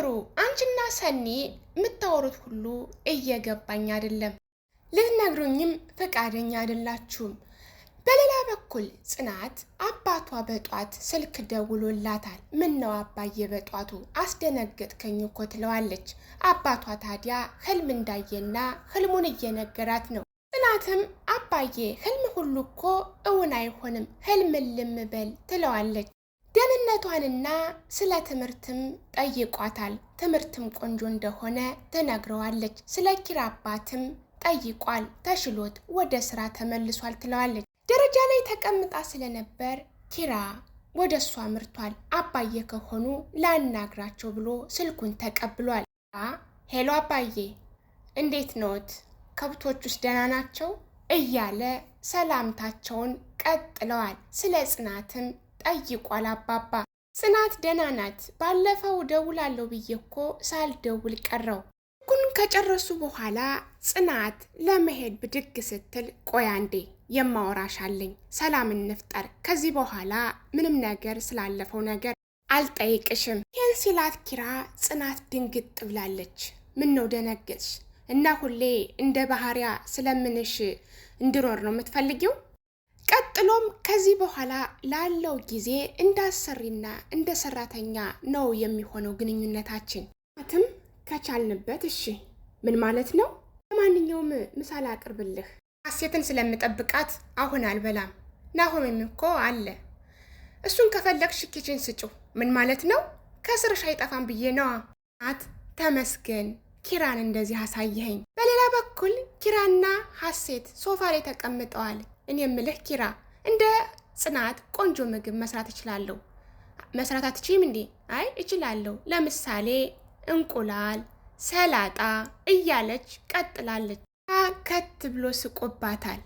ነገሩ አንቺና ሰኒ የምታወሩት ሁሉ እየገባኝ አይደለም። ልትነግሩኝም ፈቃደኛ አይደላችሁም። በሌላ በኩል ጽናት አባቷ በጧት ስልክ ደውሎላታል። ምን ነው አባዬ በጧቱ አስደነገጥከኝ እኮ ትለዋለች። አባቷ ታዲያ ህልም እንዳየና ህልሙን እየነገራት ነው። ጽናትም አባዬ ህልም ሁሉ እኮ እውን አይሆንም፣ ህልምን ልምበል ትለዋለች። እምነቷንና ስለ ትምህርትም ጠይቋታል። ትምህርትም ቆንጆ እንደሆነ ተናግረዋለች። ስለ ኪራ አባትም ጠይቋል። ተሽሎት ወደ ስራ ተመልሷል ትለዋለች። ደረጃ ላይ ተቀምጣ ስለነበር ኪራ ወደ እሷ አምርቷል። አባዬ ከሆኑ ላናግራቸው ብሎ ስልኩን ተቀብሏል። ሄሎ አባዬ፣ እንዴት ነዎት? ከብቶች ውስጥ ደህና ናቸው? እያለ ሰላምታቸውን ቀጥለዋል። ስለ ጽናትም ጠይቋል አባባ። ጽናት ደህና ናት። ባለፈው ደውላለሁ ብዬ እኮ ሳልደውል ቀረው። ጉን ከጨረሱ በኋላ ጽናት ለመሄድ ብድግ ስትል ቆይ አንዴ የማወራሽ አለኝ፣ ሰላም እንፍጠር። ከዚህ በኋላ ምንም ነገር ስላለፈው ነገር አልጠይቅሽም። ይህን ሲላት ኪራ ጽናት ድንግጥ ብላለች። ምን ነው ደነገጥሽ? እና ሁሌ እንደ ባህሪያ ስለምንሽ እንድኖር ነው የምትፈልጊው? ቀጥሎም ከዚህ በኋላ ላለው ጊዜ እንዳሰሪና እንደ ሰራተኛ ነው የሚሆነው ግንኙነታችን። ትም ከቻልንበት እሺ። ምን ማለት ነው? ለማንኛውም ምሳሌ አቅርብልህ። ሀሴትን ስለምጠብቃት አሁን አልበላም። ናሆምም እኮ አለ። እሱን ከፈለግሽ ኪችን ስጩ ምን ማለት ነው? ከስርሽ አይጠፋም ብዬ ነዋ። ናት ተመስገን ኪራን እንደዚህ አሳየኸኝ። በሌላ በኩል ኪራና ሀሴት ሶፋ ላይ ተቀምጠዋል። እኔ የምልህ ኪራ፣ እንደ ጽናት ቆንጆ ምግብ መስራት እችላለሁ። መስራት አትችይም እንዴ? አይ እችላለሁ። ለምሳሌ እንቁላል፣ ሰላጣ እያለች ቀጥላለች። ከት ብሎ ስቆባታል።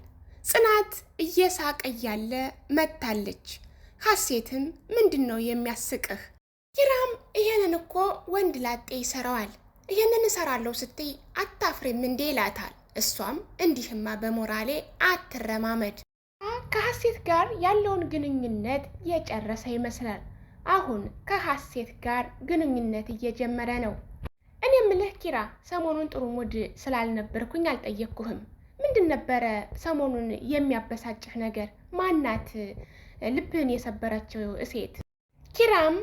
ጽናት እየሳቀ እያለ መታለች። ሀሴትም ምንድን ነው የሚያስቅህ? ኪራም ይሄንን እኮ ወንድ ላጤ ይሰራዋል ይህንን እሰራለሁ ስትይ አታፍሬም እንዴ ይላታል። እሷም እንዲህማ በሞራሌ አትረማመድ። ከሐሴት ጋር ያለውን ግንኙነት የጨረሰ ይመስላል። አሁን ከሐሴት ጋር ግንኙነት እየጀመረ ነው። እኔ የምልህ ኪራ፣ ሰሞኑን ጥሩ ሙድ ስላልነበርኩኝ አልጠየቅኩህም። ምንድን ነበረ ሰሞኑን የሚያበሳጭህ ነገር? ማናት ልብህን የሰበረችው ሴት? ኪራም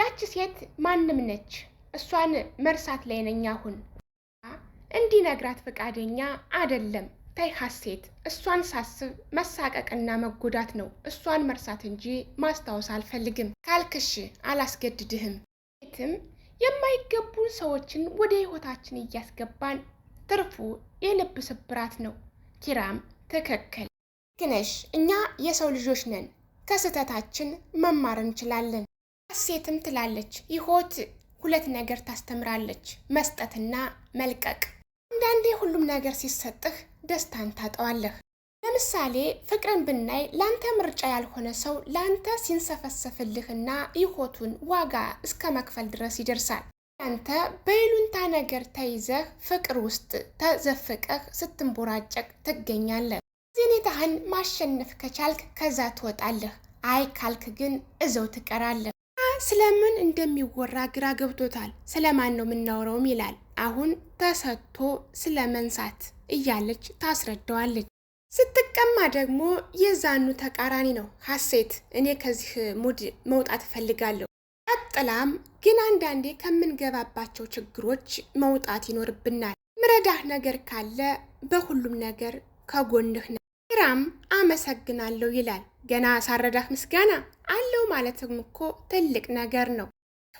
ያቺ ሴት ማንም ነች እሷን መርሳት ላይ ነኝ አሁን። እንዲነግራት ፈቃደኛ አደለም። ተይ ሀሴት፣ እሷን ሳስብ መሳቀቅና መጎዳት ነው። እሷን መርሳት እንጂ ማስታወስ አልፈልግም። ካልክሽ አላስገድድህም። ትም የማይገቡን ሰዎችን ወደ ህይወታችን እያስገባን ትርፉ የልብ ስብራት ነው። ኪራም ትክክል ግነሽ። እኛ የሰው ልጆች ነን፣ ከስህተታችን መማር እንችላለን። ሀሴትም ትላለች ይሆት ሁለት ነገር ታስተምራለች፣ መስጠትና መልቀቅ። አንዳንዴ ሁሉም ነገር ሲሰጥህ ደስታን ታጠዋለህ። ለምሳሌ ፍቅርን ብናይ ላንተ ምርጫ ያልሆነ ሰው ላንተ ሲንሰፈሰፍልህና ይሆቱን ዋጋ እስከ መክፈል ድረስ ይደርሳል። አንተ በይሉንታ ነገር ተይዘህ ፍቅር ውስጥ ተዘፍቀህ ስትንቦራጨቅ ትገኛለህ። ዜኔታህን ማሸነፍ ከቻልክ ከዛ ትወጣለህ። አይ ካልክ ግን እዘው ትቀራለህ። ስለምን እንደሚወራ ግራ ገብቶታል። ስለማን ነው የምናወረውም ይላል። አሁን ተሰጥቶ ስለ መንሳት እያለች ታስረዳዋለች። ስትቀማ ደግሞ የዛኑ ተቃራኒ ነው ሀሴት። እኔ ከዚህ ሙድ መውጣት እፈልጋለሁ። ቀጥላም ግን አንዳንዴ ከምንገባባቸው ችግሮች መውጣት ይኖርብናል። ምረዳህ ነገር ካለ በሁሉም ነገር ከጎንህ ነው። ኪራም አመሰግናለሁ ይላል። ገና ሳረዳህ ምስጋና አለው ማለትም እኮ ትልቅ ነገር ነው።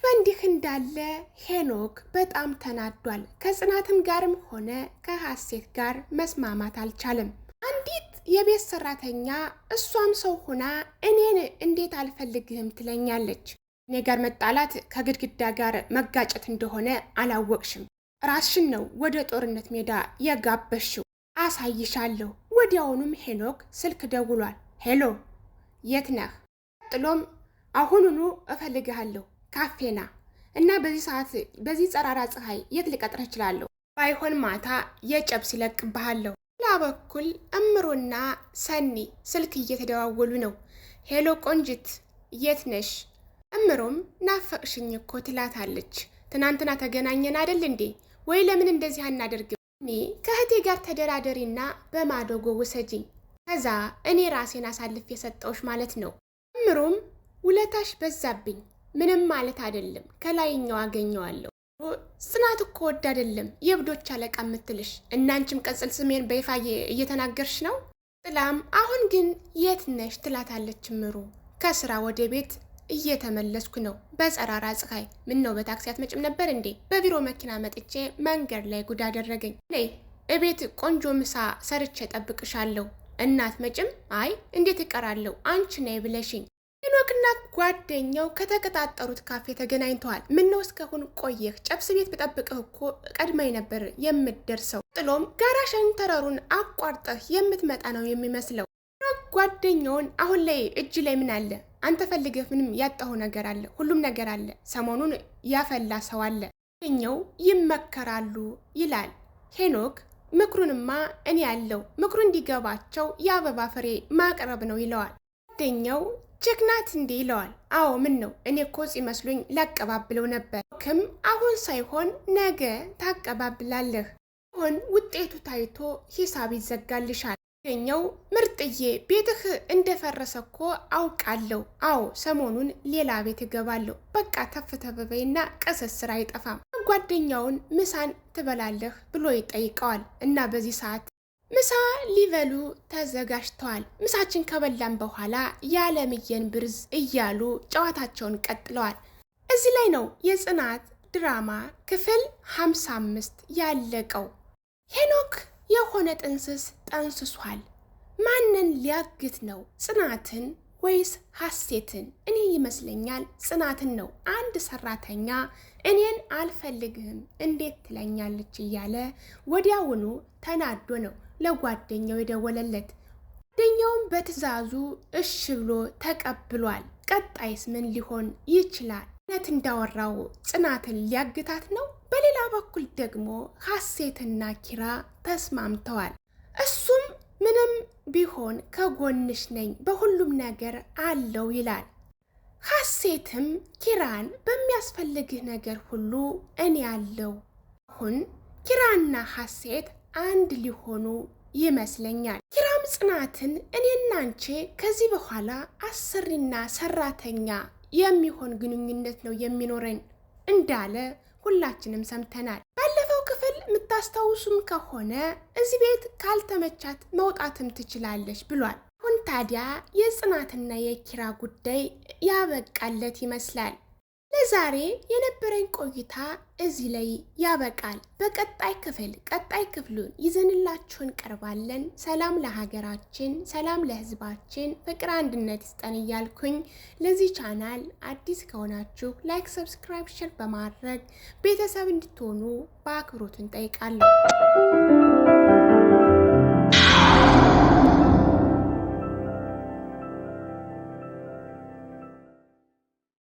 በእንዲህ እንዳለ ሄኖክ በጣም ተናዷል። ከጽናትም ጋርም ሆነ ከሐሴት ጋር መስማማት አልቻለም። አንዲት የቤት ሰራተኛ እሷም ሰው ሆና እኔን እንዴት አልፈልግህም ትለኛለች? እኔ ጋር መጣላት ከግድግዳ ጋር መጋጨት እንደሆነ አላወቅሽም። ራስሽን ነው ወደ ጦርነት ሜዳ የጋበሽው። አሳይሻለሁ። ወዲያውኑም ሄኖክ ስልክ ደውሏል። ሄሎ የት ነህ? ጥሎም አሁኑኑ እፈልግሃለሁ ካፌና እና በዚህ ሰዓት በዚህ ጸራራ ፀሐይ የት ልቀጥረህ እችላለሁ? ባይሆን ማታ የጨብስ ይለቅብሃለሁ። ሌላ በኩል እምሮና ሰኒ ስልክ እየተደዋወሉ ነው። ሄሎ ቆንጅት፣ የት ነሽ? እምሮም ናፈቅሽኝ እኮ ትላታለች። ትናንትና ተገናኘን አይደል እንዴ? ወይ ለምን እንደዚህ አናደርግም? እኔ ከእህቴ ጋር ተደራደሪና በማዶጎ ውሰጂኝ ከዛ እኔ ራሴን አሳልፍ የሰጠውሽ ማለት ነው። እምሩም ውለታሽ በዛብኝ፣ ምንም ማለት አይደለም፣ ከላይኛው አገኘዋለሁ። ጽናት እኮ ወድ አይደለም የእብዶች አለቃ የምትልሽ እናንችም ቀጽል ስሜን በይፋ እየተናገርሽ ነው። ጥላም አሁን ግን የት ነሽ ትላታለች እምሩ። ከስራ ወደ ቤት እየተመለስኩ ነው በጸራራ ፀሐይ። ምን ነው በታክሲ አትመጭም ነበር እንዴ? በቢሮ መኪና መጥቼ መንገድ ላይ ጉድ አደረገኝ። ነይ እቤት ቆንጆ ምሳ ሰርቼ ጠብቅሻለሁ እናት መጭም አይ እንዴት እቀራለሁ አንቺ ነይ ብለሽኝ። ሄኖክና ጓደኛው ከተቀጣጠሩት ካፌ ተገናኝተዋል። ምነው እስካሁን ቆየህ? ጨብስ ቤት በጠብቅህ እኮ ቀድማይ ነበር የምትደርሰው። ጥሎም ጋራ ሸንተረሩን አቋርጠህ የምትመጣ ነው የሚመስለው። ሄኖክ ጓደኛውን አሁን ላይ እጅ ላይ ምን አለ አንተ ፈልገህ ምንም ያጣሁ ነገር አለ፣ ሁሉም ነገር አለ፣ ሰሞኑን ያፈላ ሰው አለ፣ ኛው ይመከራሉ ይላል ሄኖክ ምክሩንማ እኔ ያለው ምክሩ እንዲገባቸው የአበባ ፍሬ ማቅረብ ነው ይለዋል። ደኛው ጀግናት እንዴ ይለዋል። አዎ ምን ነው እኔ እኮ ሲመስሉኝ ላቀባብለው ነበር። ክም አሁን ሳይሆን ነገ ታቀባብላለህ። አሁን ውጤቱ ታይቶ ሂሳብ ይዘጋልሻል። ገኘው ምርጥዬ ቤትህ እንደፈረሰ እኮ አውቃለሁ። አዎ ሰሞኑን ሌላ ቤት እገባለሁ። በቃ ተፍ ተበበይና ቅስስር አይጠፋም። ጓደኛውን ምሳን ትበላለህ ብሎ ይጠይቀዋል። እና በዚህ ሰዓት ምሳ ሊበሉ ተዘጋጅተዋል። ምሳችን ከበላን በኋላ የዓለምዬን ብርዝ እያሉ ጨዋታቸውን ቀጥለዋል። እዚህ ላይ ነው የጽናት ድራማ ክፍል 55 ያለቀው ሄኖክ የሆነ ጥንስስ ጠንስሷል። ማንን ሊያግት ነው? ጽናትን ወይስ ሀሴትን? እኔ ይመስለኛል ጽናትን ነው። አንድ ሰራተኛ እኔን አልፈልግህም እንዴት ትለኛለች እያለ ወዲያውኑ ተናዶ ነው ለጓደኛው የደወለለት። ጓደኛውም በትዕዛዙ እሽ ብሎ ተቀብሏል። ቀጣይስ ምን ሊሆን ይችላል? እውነት እንዳወራው ጽናትን ሊያግታት ነው። በሌላ በኩል ደግሞ ሀሴትና ኪራ ተስማምተዋል። እሱም ምንም ቢሆን ከጎንሽ ነኝ፣ በሁሉም ነገር አለው ይላል። ሀሴትም ኪራን በሚያስፈልግህ ነገር ሁሉ እኔ አለው። አሁን ኪራና ሀሴት አንድ ሊሆኑ ይመስለኛል። ኪራም ጽናትን እኔና አንቺ ከዚህ በኋላ አሰሪና ሰራተኛ የሚሆን ግንኙነት ነው የሚኖረን እንዳለ ሁላችንም ሰምተናል። ባለፈው ክፍል የምታስታውሱም ከሆነ እዚህ ቤት ካልተመቻት መውጣትም ትችላለች ብሏል። አሁን ታዲያ የጽናትና የኪራ ጉዳይ ያበቃለት ይመስላል። ለዛሬ የነበረኝ ቆይታ እዚህ ላይ ያበቃል። በቀጣይ ክፍል ቀጣይ ክፍሉን ይዘንላችሁን ቀርባለን። ሰላም ለሀገራችን፣ ሰላም ለሕዝባችን፣ ፍቅር አንድነት ይስጠን እያልኩኝ ለዚህ ቻናል አዲስ ከሆናችሁ ላይክ፣ ሰብስክራይብ፣ ሸር በማድረግ ቤተሰብ እንድትሆኑ በአክብሮት እንጠይቃለን።